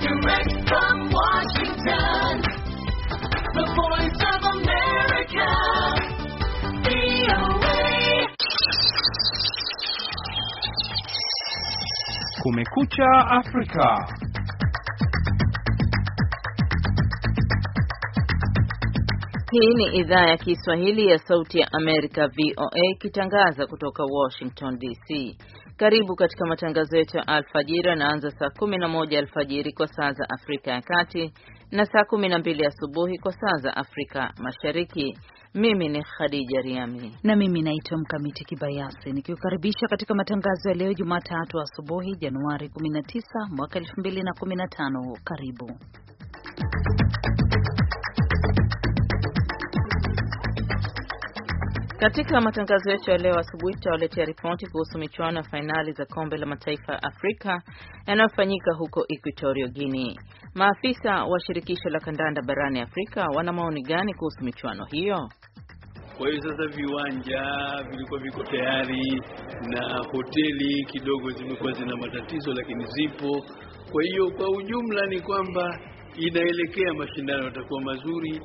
Direct from Washington, the voice of America, Kumekucha Afrika. Hii ni idhaa ya Kiswahili ya Sauti ya Amerika, VOA, ikitangaza kutoka Washington DC. Karibu katika matangazo yetu ya alfajiri yanaanza saa 11 alfajiri kwa saa za Afrika ya Kati na saa 12 asubuhi kwa saa za Afrika Mashariki. Mimi ni Khadija Riami na mimi naitwa Mkamiti Kibayasi nikiukaribisha katika matangazo ya leo Jumatatu asubuhi Januari 19 mwaka 2015. Karibu Katika matangazo yetu ya leo asubuhi tutawaletea ripoti kuhusu michuano ya fainali za kombe la mataifa ya Afrika yanayofanyika huko Equatorio Guinea. Maafisa wa shirikisho la kandanda barani Afrika wana maoni gani kuhusu michuano hiyo? Kwa hiyo sasa viwanja vilikuwa viko tayari na hoteli kidogo zimekuwa zina matatizo, lakini zipo. Kwa hiyo kwa ujumla ni kwamba inaelekea mashindano yatakuwa mazuri.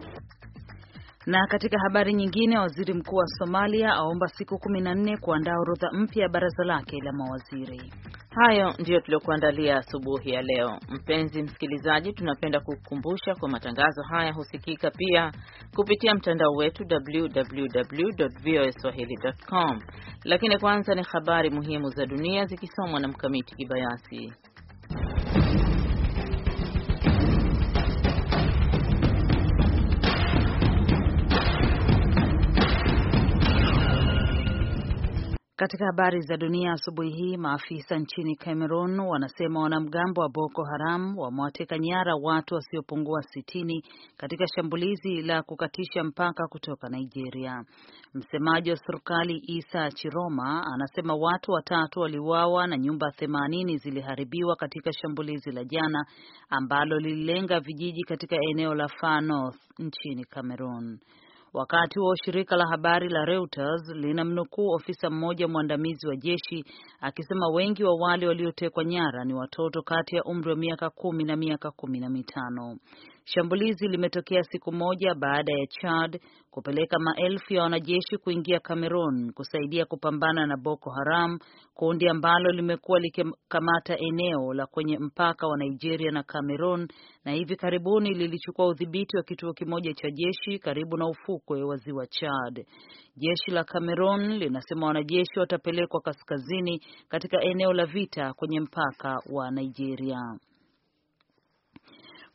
Na katika habari nyingine, waziri mkuu wa Somalia aomba siku kumi na nne kuandaa orodha mpya ya baraza lake la mawaziri. Hayo ndiyo tuliyokuandalia asubuhi ya leo. Mpenzi msikilizaji, tunapenda kukukumbusha kwa matangazo haya husikika pia kupitia mtandao wetu www.voaswahili.com. Lakini kwanza ni habari muhimu za dunia zikisomwa na Mkamiti Kibayasi. Katika habari za dunia asubuhi hii, maafisa nchini Cameroon wanasema wanamgambo wa Boko Haram wamewateka nyara watu wasiopungua sitini katika shambulizi la kukatisha mpaka kutoka Nigeria. Msemaji wa serikali Isa Chiroma anasema watu watatu waliuawa na nyumba themanini ziliharibiwa katika shambulizi la jana ambalo lililenga vijiji katika eneo la Far North nchini Cameroon. Wakati huo shirika la habari la Reuters linamnukuu ofisa mmoja mwandamizi wa jeshi akisema wengi wa wale waliotekwa nyara ni watoto kati ya umri wa miaka kumi na miaka kumi na mitano. Shambulizi limetokea siku moja baada ya Chad kupeleka maelfu ya wanajeshi kuingia Cameroon kusaidia kupambana na Boko Haram, kundi ambalo limekuwa likikamata eneo la kwenye mpaka wa Nigeria na Cameroon na hivi karibuni lilichukua udhibiti wa kituo kimoja cha jeshi karibu na ufukwe wa Ziwa Chad. Jeshi la Cameroon linasema wanajeshi watapelekwa kaskazini katika eneo la vita kwenye mpaka wa Nigeria.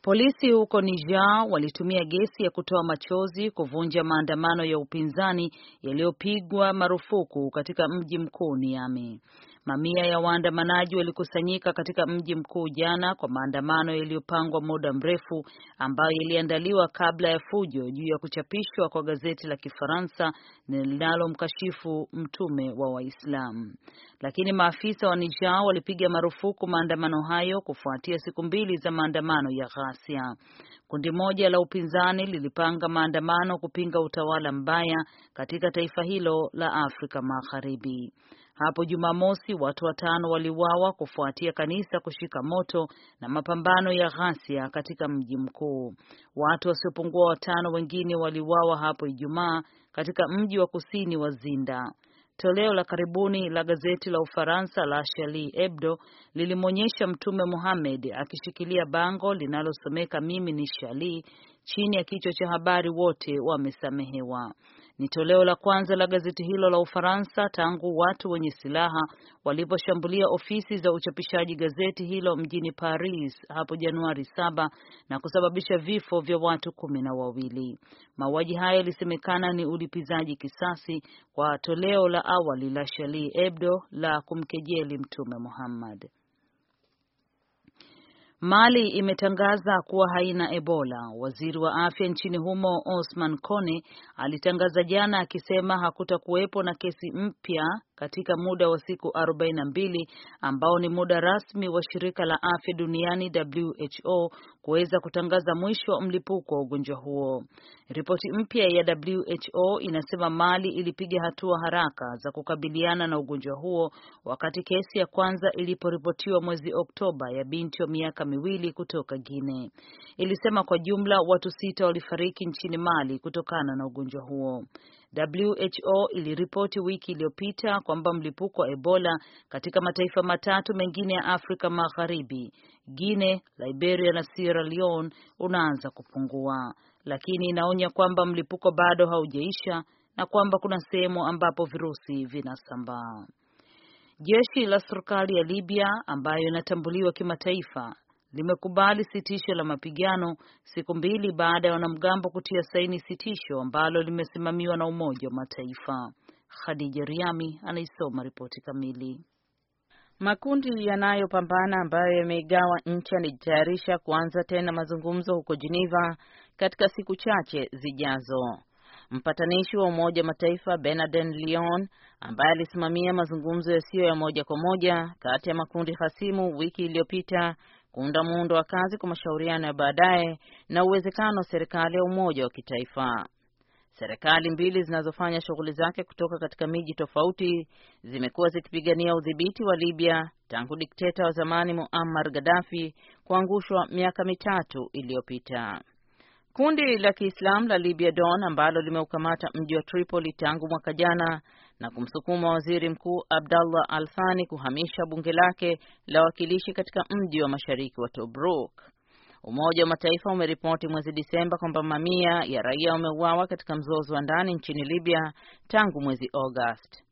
Polisi huko Niger walitumia gesi ya kutoa machozi kuvunja maandamano ya upinzani yaliyopigwa marufuku katika mji mkuu Niamey. Mamia ya waandamanaji walikusanyika katika mji mkuu jana kwa maandamano yaliyopangwa muda mrefu ambayo yaliandaliwa kabla ya fujo juu ya kuchapishwa kwa gazeti la Kifaransa linalomkashifu mtume wa Waislamu. Lakini maafisa wa Niger walipiga marufuku maandamano hayo kufuatia siku mbili za maandamano ya ghasia. Kundi moja la upinzani lilipanga maandamano kupinga utawala mbaya katika taifa hilo la Afrika Magharibi. Hapo Jumamosi watu watano waliuawa kufuatia kanisa kushika moto na mapambano ya ghasia katika mji mkuu. Watu wasiopungua watano wengine waliuawa hapo Ijumaa katika mji wa kusini wa Zinda. Toleo la karibuni la gazeti la Ufaransa la Charlie Hebdo lilimwonyesha Mtume Muhammad akishikilia bango linalosomeka mimi ni Charlie chini ya kichwa cha habari wote wamesamehewa. Ni toleo la kwanza la gazeti hilo la Ufaransa tangu watu wenye silaha waliposhambulia ofisi za uchapishaji gazeti hilo mjini Paris hapo Januari saba na kusababisha vifo vya watu kumi na wawili. Mauaji hayo yalisemekana ni ulipizaji kisasi kwa toleo la awali la Charlie Hebdo la kumkejeli Mtume Muhammad. Mali imetangaza kuwa haina Ebola. Waziri wa afya nchini humo Osman Kone alitangaza jana akisema hakutakuwepo na kesi mpya katika muda wa siku 42 ambao ni muda rasmi wa shirika la afya duniani WHO kuweza kutangaza mwisho wa mlipuko wa ugonjwa huo. Ripoti mpya ya WHO inasema Mali ilipiga hatua haraka za kukabiliana na ugonjwa huo wakati kesi ya kwanza iliporipotiwa mwezi Oktoba ya binti wa miaka miwili kutoka guine Ilisema kwa jumla watu sita walifariki nchini Mali kutokana na ugonjwa huo. WHO iliripoti wiki iliyopita kwamba mlipuko wa Ebola katika mataifa matatu mengine ya Afrika Magharibi, Guinea, Liberia na Sierra Leone unaanza kupungua, lakini inaonya kwamba mlipuko bado haujaisha na kwamba kuna sehemu ambapo virusi vinasambaa. Jeshi la serikali ya Libya ambayo inatambuliwa kimataifa limekubali sitisho la mapigano siku mbili baada ya wanamgambo kutia saini sitisho ambalo limesimamiwa na Umoja wa Mataifa. Khadija Riami anaisoma ripoti kamili. Makundi yanayopambana ambayo yameigawa nchi yanajitayarisha kuanza tena mazungumzo huko Geneva katika siku chache zijazo. Mpatanishi wa Umoja Mataifa Bernardin Leon ambaye alisimamia mazungumzo yasiyo ya moja kwa moja kati ya makundi hasimu wiki iliyopita kuunda muundo wa kazi kwa mashauriano ya baadaye na uwezekano wa serikali ya umoja wa kitaifa. Serikali mbili zinazofanya shughuli zake kutoka katika miji tofauti zimekuwa zikipigania udhibiti wa Libya tangu dikteta wa zamani Muammar Gaddafi kuangushwa miaka mitatu iliyopita. Kundi la Kiislamu la Libya Dawn ambalo limeukamata mji wa Tripoli tangu mwaka jana na kumsukuma waziri mkuu Abdallah Al Thani kuhamisha bunge lake la wakilishi katika mji wa mashariki wa Tobruk. Umoja wa Mataifa umeripoti mwezi Disemba kwamba mamia ya raia wameuawa katika mzozo wa ndani nchini Libya tangu mwezi August.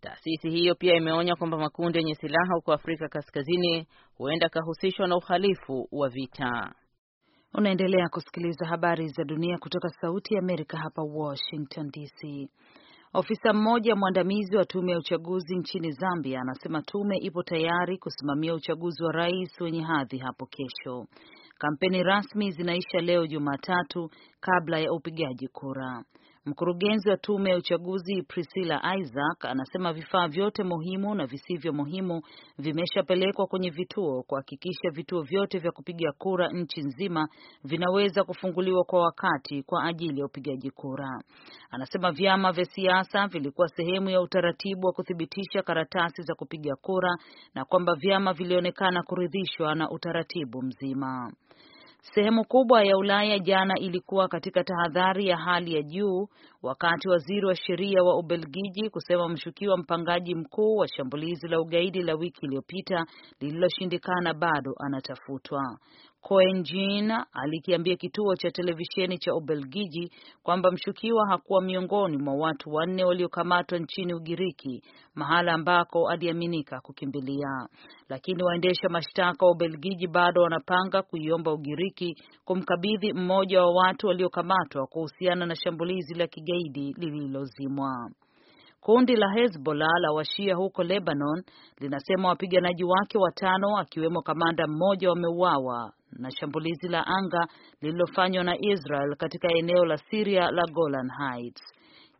Taasisi hiyo pia imeonya kwamba makundi yenye silaha huko Afrika Kaskazini huenda akahusishwa na uhalifu wa vita. Unaendelea kusikiliza habari za dunia kutoka Sauti ya Amerika hapa Washington DC. Ofisa mmoja mwandamizi wa tume ya uchaguzi nchini Zambia anasema tume ipo tayari kusimamia uchaguzi wa rais wenye hadhi hapo kesho. Kampeni rasmi zinaisha leo Jumatatu kabla ya upigaji kura. Mkurugenzi wa tume ya uchaguzi Priscilla Isaac anasema vifaa vyote muhimu na visivyo muhimu vimeshapelekwa kwenye vituo kuhakikisha vituo vyote vya kupiga kura nchi nzima vinaweza kufunguliwa kwa wakati kwa ajili ya upigaji kura. Anasema vyama vya siasa vilikuwa sehemu ya utaratibu wa kuthibitisha karatasi za kupiga kura na kwamba vyama vilionekana kuridhishwa na utaratibu mzima. Sehemu kubwa ya Ulaya jana ilikuwa katika tahadhari ya hali ya juu wakati waziri wa sheria wa Ubelgiji kusema mshukiwa mpangaji mkuu wa shambulizi la ugaidi la wiki iliyopita lililoshindikana bado anatafutwa. Cohen Jean alikiambia kituo cha televisheni cha Ubelgiji kwamba mshukiwa hakuwa miongoni mwa watu wanne waliokamatwa nchini Ugiriki, mahala ambako aliaminika kukimbilia, lakini waendesha mashtaka wa Ubelgiji bado wanapanga kuiomba Ugiriki kumkabidhi mmoja wa watu waliokamatwa kuhusiana na shambulizi la kigeni kigaidi lililozimwa. Kundi la Hezbollah la washia huko Lebanon linasema wapiganaji wake watano akiwemo kamanda mmoja wameuawa na shambulizi la anga lililofanywa na Israel katika eneo la Syria la Golan Heights.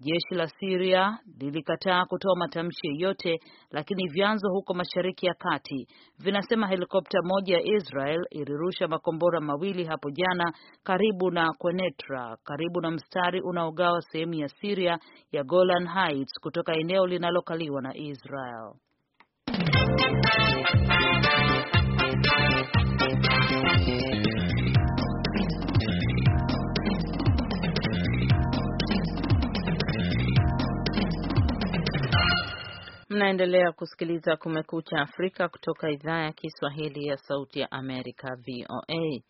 Jeshi la Syria lilikataa kutoa matamshi yoyote, lakini vyanzo huko Mashariki ya Kati vinasema helikopta moja ya Israel ilirusha makombora mawili hapo jana karibu na Quneitra, karibu na mstari unaogawa sehemu ya Syria ya Golan Heights kutoka eneo linalokaliwa na Israel. Mnaendelea kusikiliza Kumekucha Afrika kutoka idhaa ya Kiswahili ya Sauti ya Amerika, VOA.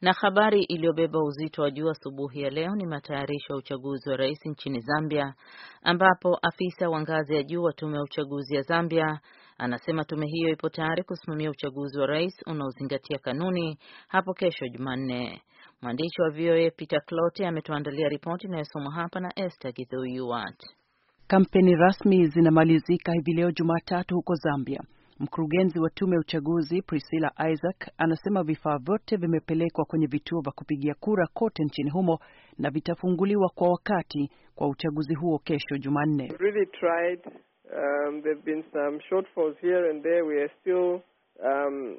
Na habari iliyobeba uzito wa juu asubuhi ya leo ni matayarisho ya uchaguzi wa rais nchini Zambia, ambapo afisa wa ngazi ya juu wa tume ya uchaguzi ya Zambia anasema tume hiyo ipo tayari kusimamia uchaguzi wa rais unaozingatia kanuni hapo kesho Jumanne. Mwandishi wa VOA Peter Clote ametuandalia ripoti inayosomwa hapa na Esther Githuiwat. Kampeni rasmi zinamalizika hivi leo Jumatatu huko Zambia. Mkurugenzi wa tume ya uchaguzi Priscilla Isaac anasema vifaa vyote vimepelekwa kwenye vituo vya kupigia kura kote nchini humo na vitafunguliwa kwa wakati kwa uchaguzi huo kesho Jumanne. Really um,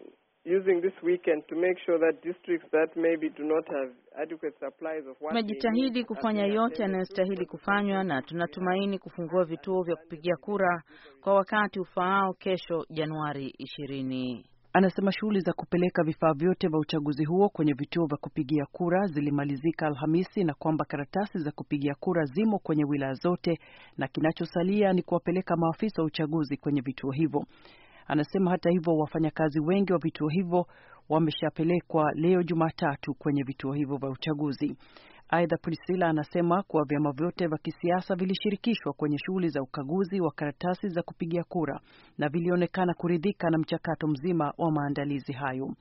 Tunajitahidi kufanya yote yanayostahili kufanywa na tunatumaini kufungua vituo vya kupigia kura kwa wakati ufaao kesho Januari 20. Anasema shughuli za kupeleka vifaa vyote vya uchaguzi huo kwenye vituo vya kupigia kura zilimalizika Alhamisi na kwamba karatasi za kupigia kura zimo kwenye wilaya zote na kinachosalia ni kuwapeleka maafisa wa uchaguzi kwenye vituo hivyo. Anasema hata hivyo, wafanyakazi wengi wa vituo hivyo wameshapelekwa leo Jumatatu kwenye vituo hivyo vya uchaguzi. Aidha, Priscilla anasema kuwa vyama vyote vya kisiasa vilishirikishwa kwenye shughuli za ukaguzi wa karatasi za kupigia kura na vilionekana kuridhika na mchakato mzima wa maandalizi hayo.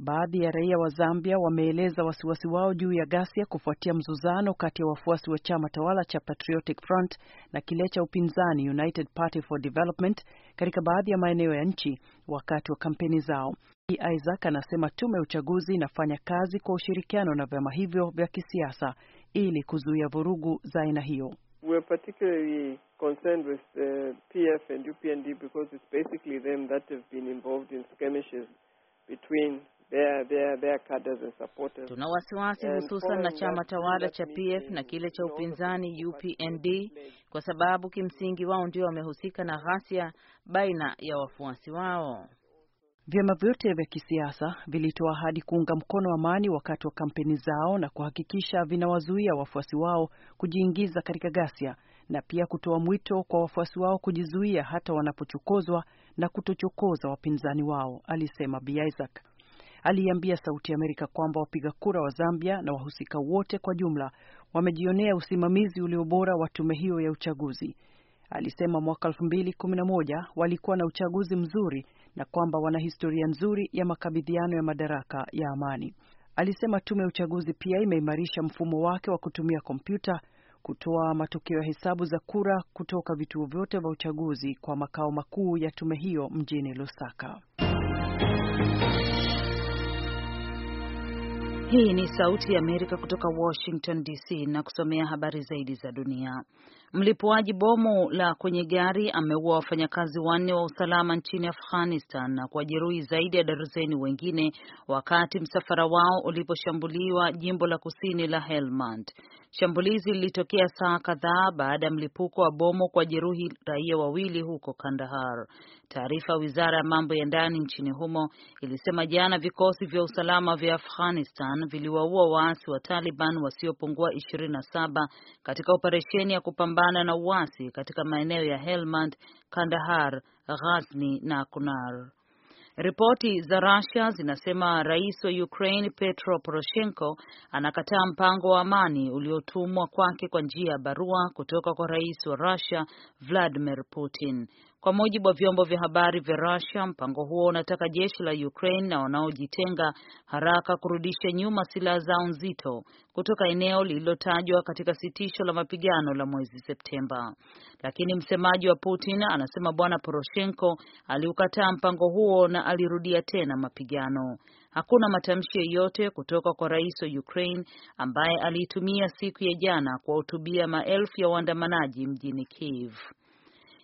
Baadhi ya raia wa Zambia wameeleza wasiwasi wao juu ya ghasia kufuatia mzozano kati ya wafuasi wa chama tawala cha Patriotic Front na kile cha upinzani United Party for Development katika baadhi ya maeneo ya nchi wakati wa kampeni zao. Isaac anasema tume ya uchaguzi inafanya kazi kwa ushirikiano na vyama hivyo vya kisiasa ili kuzuia vurugu za aina hiyo. Uh, Their, their, their tuna wasiwasi hususan na chama tawala cha PF na kile cha upinzani UPND kwa sababu kimsingi wao ndio wamehusika na ghasia baina ya wafuasi wao. Vyama vyote vya kisiasa vilitoa ahadi kuunga mkono amani wakati wa kampeni zao na kuhakikisha vinawazuia wafuasi wao kujiingiza katika ghasia na pia kutoa mwito kwa wafuasi wao kujizuia hata wanapochokozwa na kutochokoza wapinzani wao, alisema Bi Isaac aliiambia Sauti ya Amerika kwamba wapiga kura wa Zambia na wahusika wote kwa jumla wamejionea usimamizi ulio bora wa tume hiyo ya uchaguzi. Alisema mwaka 2011 walikuwa na uchaguzi mzuri na kwamba wana historia nzuri ya makabidhiano ya madaraka ya amani. Alisema tume ya uchaguzi pia imeimarisha mfumo wake wa kutumia kompyuta kutoa matokeo ya hesabu za kura kutoka vituo vyote vya uchaguzi kwa makao makuu ya tume hiyo mjini Lusaka. Hii ni Sauti ya Amerika kutoka Washington DC na kusomea habari zaidi za dunia. Mlipuaji bomu la kwenye gari ameua wafanyakazi wanne wa usalama nchini Afghanistan na kuwajeruhi zaidi ya darzeni wengine wakati msafara wao uliposhambuliwa jimbo la kusini la Helmand. Shambulizi lilitokea saa kadhaa baada ya mlipuko wa bomu kuwajeruhi raia wawili huko Kandahar. Taarifa ya wizara ya mambo ya ndani nchini humo ilisema jana vikosi vya usalama vya Afghanistan viliwaua waasi wa Taliban wasiopungua 27 katika operesheni ya kupambana kupambana na uasi katika maeneo ya Helmand, Kandahar, Ghazni na Kunar. Ripoti za Russia zinasema rais wa Ukraine Petro Poroshenko anakataa mpango wa amani uliotumwa kwake kwa njia ya barua kutoka kwa rais wa Russia Vladimir Putin kwa mujibu wa vyombo vya habari vya Russia, mpango huo unataka jeshi la Ukraine na wanaojitenga haraka kurudisha nyuma silaha zao nzito kutoka eneo lililotajwa katika sitisho la mapigano la mwezi Septemba. Lakini msemaji wa Putin anasema Bwana Poroshenko aliukataa mpango huo na alirudia tena mapigano. Hakuna matamshi yoyote kutoka kwa rais wa Ukraine ambaye aliitumia siku ya jana kuwahutubia maelfu ya waandamanaji mjini Kiev.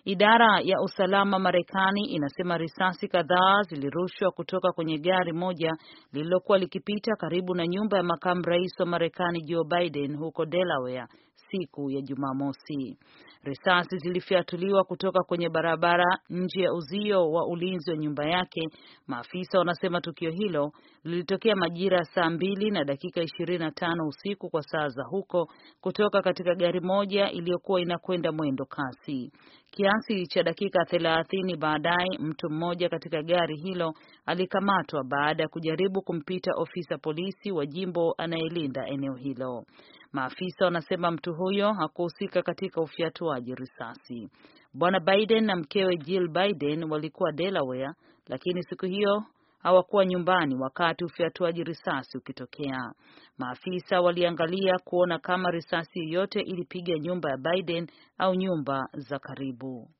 Idara ya usalama Marekani inasema risasi kadhaa zilirushwa kutoka kwenye gari moja lililokuwa likipita karibu na nyumba ya makamu rais wa Marekani Joe Biden huko Delaware siku ya Jumamosi. Risasi zilifyatuliwa kutoka kwenye barabara nje ya uzio wa ulinzi wa nyumba yake. Maafisa wanasema tukio hilo lilitokea majira ya saa mbili na dakika ishirini na tano usiku kwa saa za huko kutoka katika gari moja iliyokuwa inakwenda mwendo kasi. Kiasi cha dakika thelathini baadaye mtu mmoja katika gari hilo alikamatwa baada ya kujaribu kumpita ofisa polisi wa jimbo anayelinda eneo hilo. Maafisa wanasema mtu huyo hakuhusika katika ufyatuaji risasi. Bwana Biden na mkewe Jill Biden walikuwa Delaware, lakini siku hiyo hawakuwa nyumbani wakati ufyatuaji risasi ukitokea. Maafisa waliangalia kuona kama risasi yoyote ilipiga nyumba ya Biden au nyumba za karibu.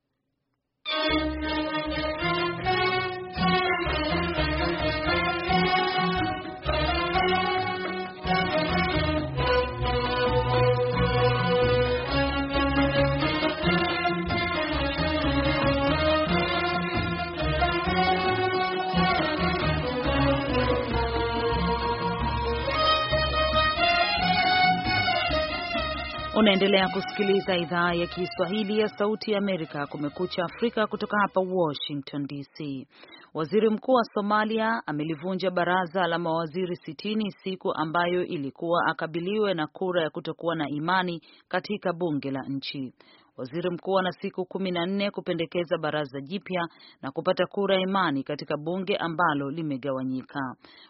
Unaendelea kusikiliza idhaa ya Kiswahili ya Sauti ya Amerika, Kumekucha Afrika, kutoka hapa Washington DC. Waziri Mkuu wa Somalia amelivunja baraza la mawaziri sitini siku ambayo ilikuwa akabiliwe na kura ya kutokuwa na imani katika bunge la nchi. Waziri mkuu ana siku kumi na nne kupendekeza baraza jipya na kupata kura imani katika bunge ambalo limegawanyika.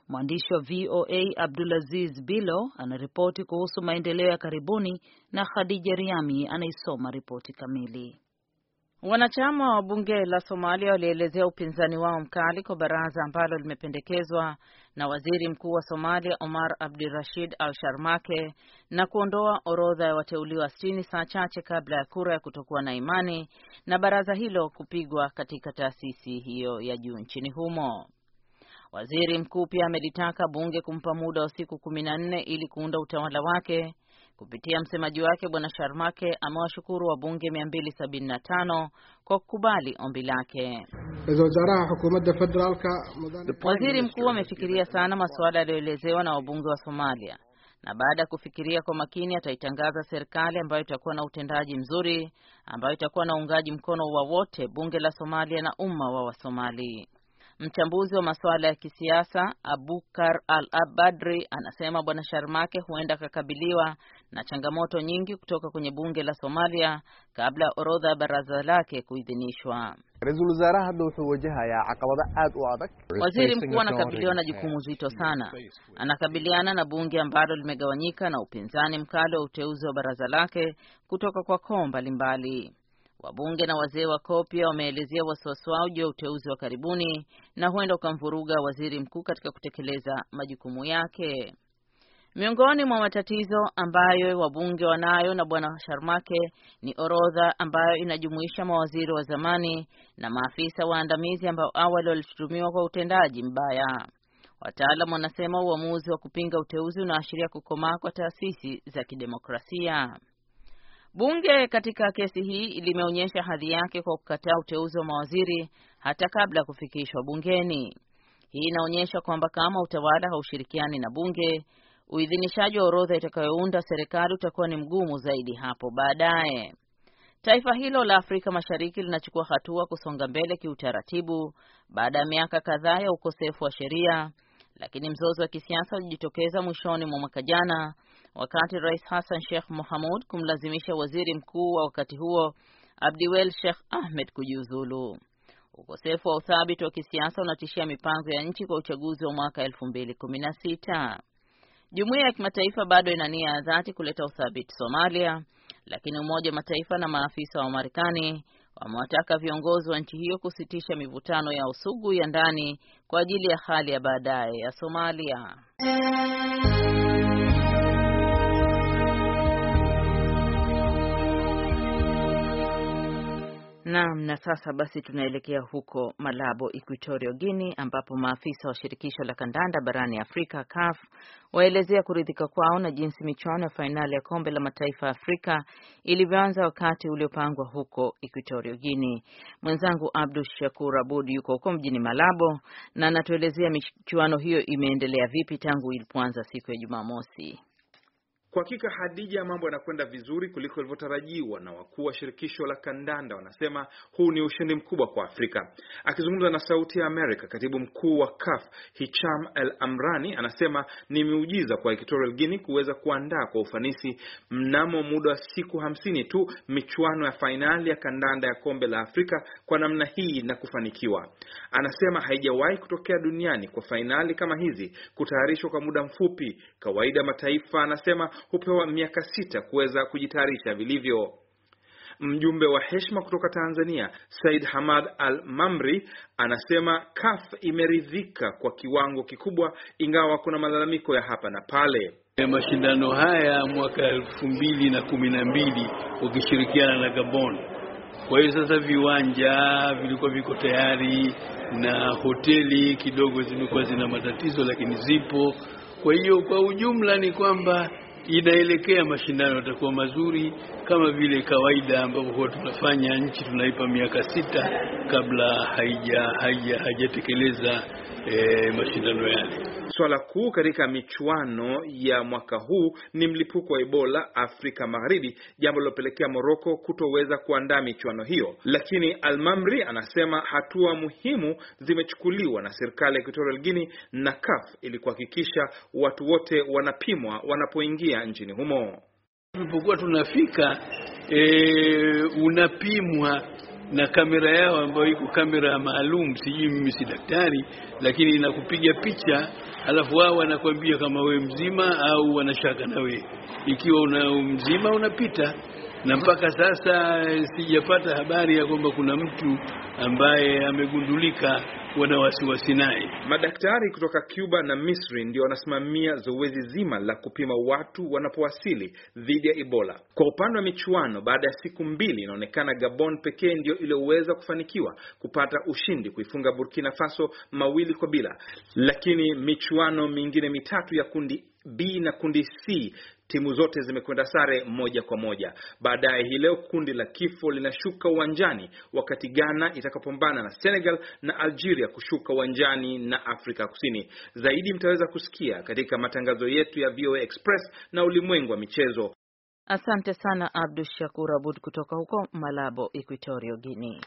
Mwandishi wa VOA Abdulaziz Bilo anaripoti kuhusu maendeleo ya karibuni na Khadija Riami anaisoma ripoti kamili. Wanachama wa bunge la Somalia walielezea upinzani wao mkali kwa baraza ambalo limependekezwa na waziri mkuu wa Somalia Omar Abdirashid Al Sharmake na kuondoa orodha ya wateuliwa 60 saa chache kabla ya kura ya kutokuwa na imani na baraza hilo kupigwa katika taasisi hiyo ya juu nchini humo. Waziri mkuu pia amelitaka bunge kumpa muda wa siku kumi na nne ili kuunda utawala wake Kupitia msemaji wake Bwana Sharmake amewashukuru wabunge 275 kwa kukubali ombi lake. Waziri mkuu amefikiria sana masuala yaliyoelezewa na wabunge wa Somalia, na baada ya kufikiria kwa makini ataitangaza serikali ambayo itakuwa na utendaji mzuri, ambayo itakuwa na uungaji mkono wa wote, bunge la Somalia na umma wa Wasomali. Mchambuzi wa masuala ya kisiasa Abukar Al Abadri anasema bwana Sharmake huenda akakabiliwa na changamoto nyingi kutoka kwenye bunge la Somalia kabla ya orodha ya baraza lake kuidhinishwa. Waziri mkuu anakabiliwa na jukumu zito sana, anakabiliana na bunge ambalo limegawanyika na upinzani mkali wa uteuzi wa baraza lake kutoka kwa koo mbalimbali. Wabunge na wazee wa Kopia wameelezea wasiwasi wao juu ya uteuzi wa karibuni na huenda ukamvuruga waziri mkuu katika kutekeleza majukumu yake. Miongoni mwa matatizo ambayo wabunge wanayo na bwana Sharmake ni orodha ambayo inajumuisha mawaziri wa zamani na maafisa waandamizi ambao awali walishutumiwa kwa utendaji mbaya. Wataalam wanasema uamuzi wa kupinga uteuzi unaashiria kukomaa kwa taasisi za kidemokrasia. Bunge katika kesi hii limeonyesha hadhi yake kwa kukataa uteuzi wa mawaziri hata kabla ya kufikishwa bungeni. Hii inaonyesha kwamba kama utawala haushirikiani na bunge, uidhinishaji wa orodha itakayounda serikali utakuwa ni mgumu zaidi hapo baadaye. Taifa hilo la Afrika Mashariki linachukua hatua kusonga mbele kiutaratibu baada ya miaka kadhaa ya ukosefu wa sheria, lakini mzozo wa kisiasa ulijitokeza mwishoni mwa mwaka jana wakati Rais Hassan Sheikh Mohamud kumlazimisha waziri mkuu wa wakati huo Abdiwel Sheikh Ahmed kujiuzulu. Ukosefu wa uthabiti wa kisiasa unatishia mipango ya nchi kwa uchaguzi wa mwaka sita. Jumuiya ya kimataifa bado ina nia ya dhati kuleta uthabiti Somalia, lakini Umoja wa Mataifa na maafisa wa Marekani wamewataka viongozi wa nchi hiyo kusitisha mivutano ya usugu ya ndani kwa ajili ya hali ya baadaye ya Somalia. Naam, na sasa basi tunaelekea huko Malabo, Equatorio guini ambapo maafisa wa shirikisho la kandanda barani Afrika CAF waelezea kuridhika kwao na jinsi michuano ya fainali ya kombe la mataifa ya Afrika ilivyoanza wakati uliopangwa huko Equatorio guini Mwenzangu Abdu Shakur Abud yuko huko mjini Malabo na anatuelezea michuano hiyo imeendelea vipi tangu ilipoanza siku ya Jumamosi. Kwa hakika Hadija, mambo yanakwenda vizuri kuliko ilivyotarajiwa, na wakuu wa shirikisho la kandanda wanasema huu ni ushindi mkubwa kwa Afrika. Akizungumza na Sauti ya Amerika, katibu mkuu wa CAF Hicham El Amrani anasema ni miujiza kwa Equatorial Guinea kuweza kuandaa kwa ufanisi mnamo muda wa siku hamsini tu michuano ya fainali ya kandanda ya kombe la Afrika kwa namna hii na kufanikiwa. Anasema haijawahi kutokea duniani kwa fainali kama hizi kutayarishwa kwa muda mfupi. Kawaida mataifa, anasema hupewa miaka sita kuweza kujitayarisha vilivyo. Mjumbe wa heshima kutoka Tanzania Said Hamad Al Mamri anasema CAF imeridhika kwa kiwango kikubwa, ingawa kuna malalamiko ya hapa na pale ya mashindano haya mwaka elfu mbili na kumi na mbili wakishirikiana na Gabon. Kwa hiyo sasa viwanja vilikuwa viko tayari na hoteli kidogo zimekuwa zina matatizo, lakini zipo. Kwa hiyo kwa ujumla ni kwamba inaelekea mashindano yatakuwa mazuri kama vile kawaida ambavyo huwa tunafanya. Nchi tunaipa miaka sita kabla haija hajatekeleza e, eh, mashindano yale. Swala kuu katika michuano ya mwaka huu ni mlipuko wa Ebola Afrika Magharibi, jambo lilopelekea Moroko kutoweza kuandaa michuano hiyo. Lakini Almamri anasema hatua muhimu zimechukuliwa na serikali ya Equatorial Guinea na CAF ili kuhakikisha watu wote wanapimwa wanapoingia nchini humo. Tulipokuwa tunafika e, unapimwa na kamera yao ambayo iko kamera maalum, sijui mimi si daktari, lakini inakupiga picha alafu wao wanakwambia kama we mzima au wanashaka na we. Ikiwa una mzima unapita na mpaka sasa eh, sijapata habari ya kwamba kuna mtu ambaye amegundulika wana wasiwasi naye. Madaktari kutoka Cuba na Misri ndio wanasimamia zoezi zima la kupima watu wanapowasili dhidi ya Ebola. Kwa upande wa michuano, baada ya siku mbili, inaonekana Gabon pekee ndio iliyoweza kufanikiwa kupata ushindi, kuifunga Burkina Faso mawili kwa bila, lakini michuano mingine mitatu ya kundi B na kundi C timu zote zimekwenda sare moja kwa moja. Baadaye hii leo kundi la kifo linashuka uwanjani wakati Ghana itakapopambana na Senegal na Algeria kushuka uwanjani na Afrika Kusini. Zaidi mtaweza kusikia katika matangazo yetu ya VOA Express na ulimwengu wa michezo. Asante sana Abdu Shakur Abud kutoka huko Malabo, Equatorio Guinea.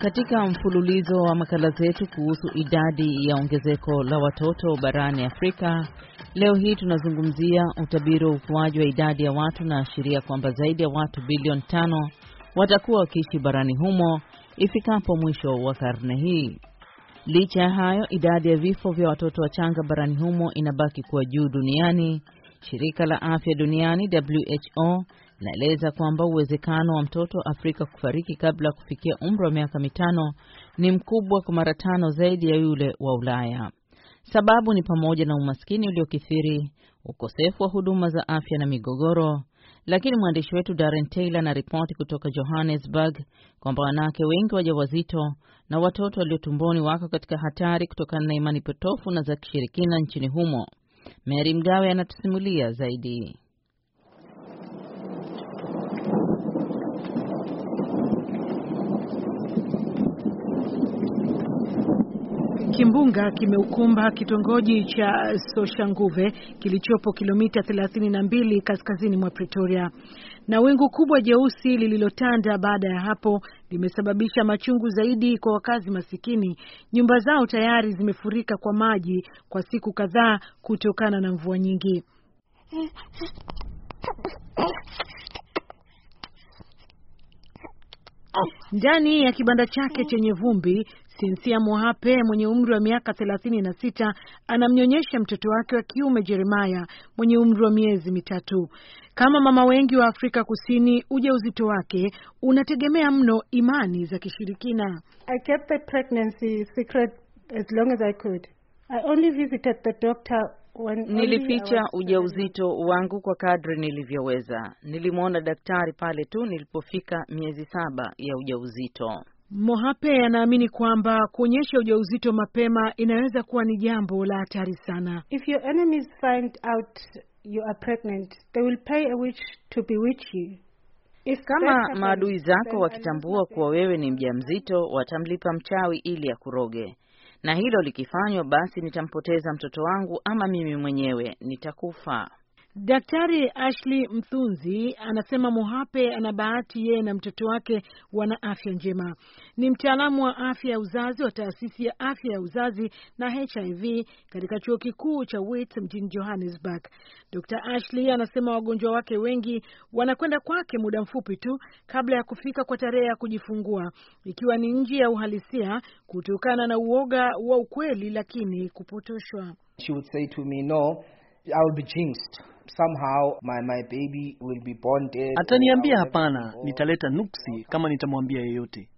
Katika mfululizo wa makala zetu kuhusu idadi ya ongezeko la watoto barani Afrika, leo hii tunazungumzia utabiri wa ukuaji wa idadi ya watu na ashiria kwamba zaidi ya watu bilioni tano watakuwa wakiishi barani humo ifikapo mwisho wa karne hii. Licha ya hayo, idadi ya vifo vya watoto wachanga barani humo inabaki kuwa juu duniani Shirika la Afya Duniani WHO linaeleza kwamba uwezekano wa mtoto wa Afrika kufariki kabla ya kufikia umri wa miaka mitano ni mkubwa kwa mara tano zaidi ya yule wa Ulaya. Sababu ni pamoja na umaskini uliokithiri, ukosefu wa huduma za afya na migogoro. Lakini mwandishi wetu Darren Taylor ripoti kutoka Johannesburg kwamba wanawake wengi wajawazito na watoto waliotumboni wako katika hatari kutokana na imani potofu na za kishirikina nchini humo mary Mgawe anatusimulia zaidi. Kimbunga kimeukumba kitongoji cha Soshanguve kilichopo kilomita 32 kaskazini mwa Pretoria, na wingu kubwa jeusi lililotanda baada ya hapo limesababisha machungu zaidi kwa wakazi masikini. Nyumba zao tayari zimefurika kwa maji kwa siku kadhaa kutokana na mvua nyingi. Ndani ya kibanda chake chenye vumbi, Sinsia Mohape mwenye umri wa miaka 36 anamnyonyesha mtoto wake wa kiume Jeremiah mwenye umri wa miezi mitatu. Kama mama wengi wa Afrika Kusini, ujauzito wake unategemea mno imani za kishirikina. I kept the pregnancy secret as long as I could. I only visited the doctor Nilificha ujauzito wangu kwa kadri nilivyoweza. Nilimwona daktari pale tu nilipofika miezi saba ya ujauzito. Mohape anaamini kwamba kuonyesha ujauzito mapema inaweza kuwa ni jambo la hatari sana. If your enemies find out you are pregnant, they will pay a witch to bewitch you. If kama maadui zako wakitambua kuwa wewe ni mjamzito, watamlipa mchawi ili akuroge, na hilo likifanywa, basi nitampoteza mtoto wangu ama mimi mwenyewe nitakufa. Daktari Ashley Mthunzi anasema Muhape ana bahati, yeye na mtoto wake wana afya njema. Ni mtaalamu wa afya ya uzazi wa taasisi ya afya ya uzazi na HIV katika chuo kikuu cha Wits mjini Johannesburg. Dr Ashley anasema wagonjwa wake wengi wanakwenda kwake muda mfupi tu kabla ya kufika kwa tarehe ya kujifungua, ikiwa ni nje ya uhalisia kutokana na uoga wa ukweli, lakini kupotoshwa. She would say to me, no, I'll be jinxed somehow my, my baby will be born dead. Ataniambia hapana, nitaleta nuksi kama nitamwambia yeyote.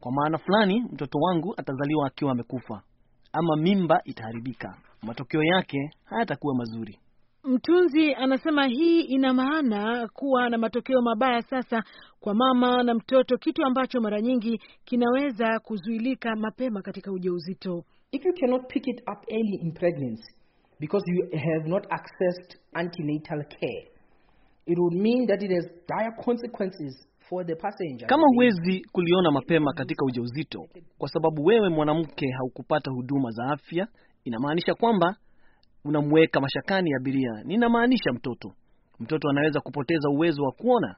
Kwa maana fulani mtoto wangu atazaliwa akiwa amekufa, ama mimba itaharibika. Matokeo yake hayatakuwa mazuri. Mtunzi anasema hii ina maana kuwa na matokeo mabaya sasa kwa mama na mtoto, kitu ambacho mara nyingi kinaweza kuzuilika mapema katika ujauzito. If you cannot pick it up early in pregnancy because you have not accessed antenatal care. It would mean that it has dire consequences for the passenger. Kama huwezi kuliona mapema katika ujauzito kwa sababu wewe mwanamke haukupata huduma za afya, inamaanisha kwamba unamweka mashakani abiria, ninamaanisha mtoto. Mtoto anaweza kupoteza uwezo wa kuona,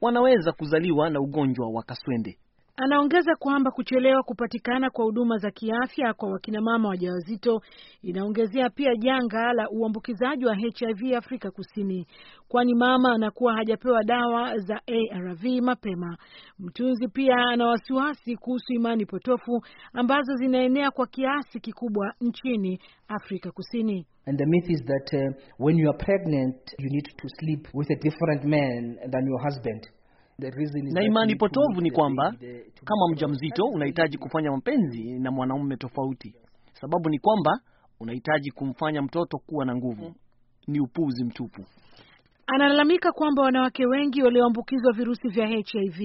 wanaweza kuzaliwa na ugonjwa wa kaswende. Anaongeza kwamba kuchelewa kupatikana kwa huduma za kiafya kwa wakinamama wajawazito inaongezea pia janga la uambukizaji wa HIV Afrika Kusini, kwani mama anakuwa hajapewa dawa za ARV mapema. Mtunzi pia ana wasiwasi kuhusu imani potofu ambazo zinaenea kwa kiasi kikubwa nchini Afrika Kusini. And the myth is that uh, when you are pregnant you need to sleep with a different man than your husband. Na imani potovu ni kwamba kama mjamzito unahitaji kufanya mapenzi na mwanaume tofauti. Sababu ni kwamba unahitaji kumfanya mtoto kuwa na nguvu. Mm-hmm. Ni upuuzi mtupu. Analalamika kwamba wanawake wengi walioambukizwa virusi vya HIV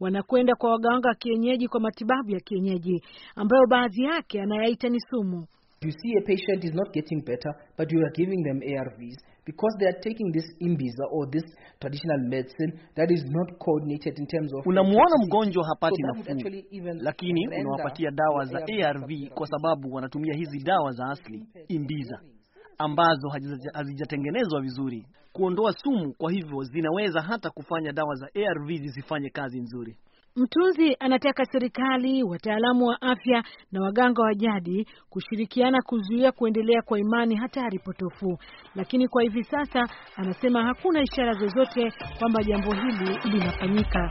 wanakwenda kwa waganga wa kienyeji kwa matibabu ya kienyeji ambayo baadhi yake anayaita ni sumu. You see a patient is not getting better but you are giving them ARVs because they are taking this imbiza or this traditional medicine that is not coordinated in terms of unamwona mgonjwa hapati so nafuu, lakini unawapatia dawa za ARV kwa sababu wanatumia hizi dawa za asli imbiza ambazo hazijatengenezwa vizuri kuondoa sumu, kwa hivyo zinaweza hata kufanya dawa za ARV zisifanye kazi nzuri. Mtunzi anataka serikali, wataalamu wa afya na waganga wa jadi kushirikiana kuzuia kuendelea kwa imani hatari potofu, lakini kwa hivi sasa anasema hakuna ishara zozote kwamba jambo hili linafanyika.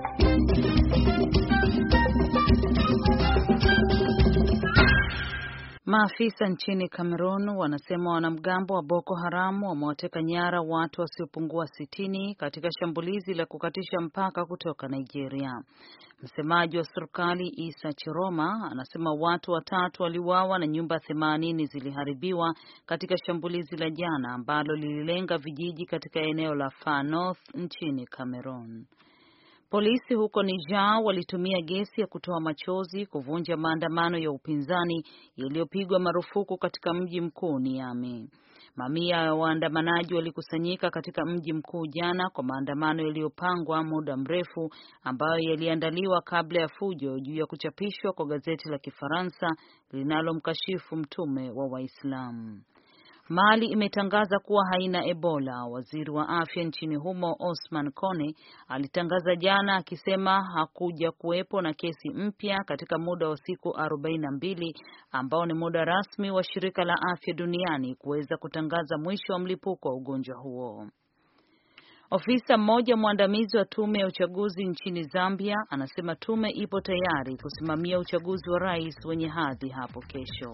Maafisa nchini Cameroon wanasema wanamgambo wa Boko Haram wamewateka nyara watu wasiopungua sitini katika shambulizi la kukatisha mpaka kutoka Nigeria. Msemaji wa serikali Isa Chiroma anasema watu watatu waliuawa na nyumba themanini ziliharibiwa katika shambulizi la jana ambalo lililenga vijiji katika eneo la Far North nchini Cameroon. Polisi huko Niger walitumia gesi ya kutoa machozi kuvunja maandamano ya upinzani yaliyopigwa marufuku katika mji mkuu Niamey. Mamia ya waandamanaji walikusanyika katika mji mkuu jana kwa maandamano yaliyopangwa muda mrefu ambayo yaliandaliwa kabla ya fujo juu ya kuchapishwa kwa gazeti la Kifaransa linalomkashifu mtume wa Waislamu. Mali imetangaza kuwa haina Ebola. Waziri wa afya nchini humo Osman Kone alitangaza jana akisema hakuja kuwepo na kesi mpya katika muda wa siku 42 ambao ni muda rasmi wa shirika la afya duniani kuweza kutangaza mwisho wa mlipuko wa ugonjwa huo. Ofisa mmoja mwandamizi wa tume ya uchaguzi nchini Zambia anasema tume ipo tayari kusimamia uchaguzi wa rais wenye hadhi hapo kesho.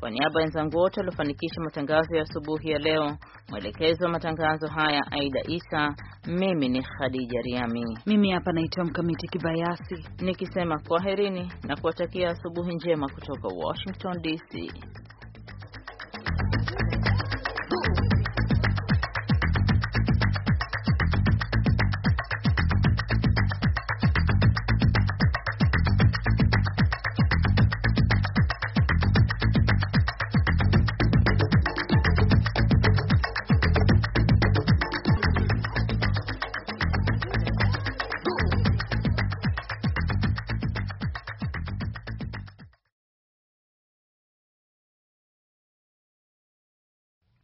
Kwa niaba ya wenzangu wote waliofanikisha matangazo ya asubuhi ya leo, mwelekezo wa matangazo haya Aida Isa, mimi ni Khadija Riami, mimi hapa naitwa Mkamiti Kibayasi nikisema kwaherini na kuwatakia asubuhi njema kutoka Washington DC.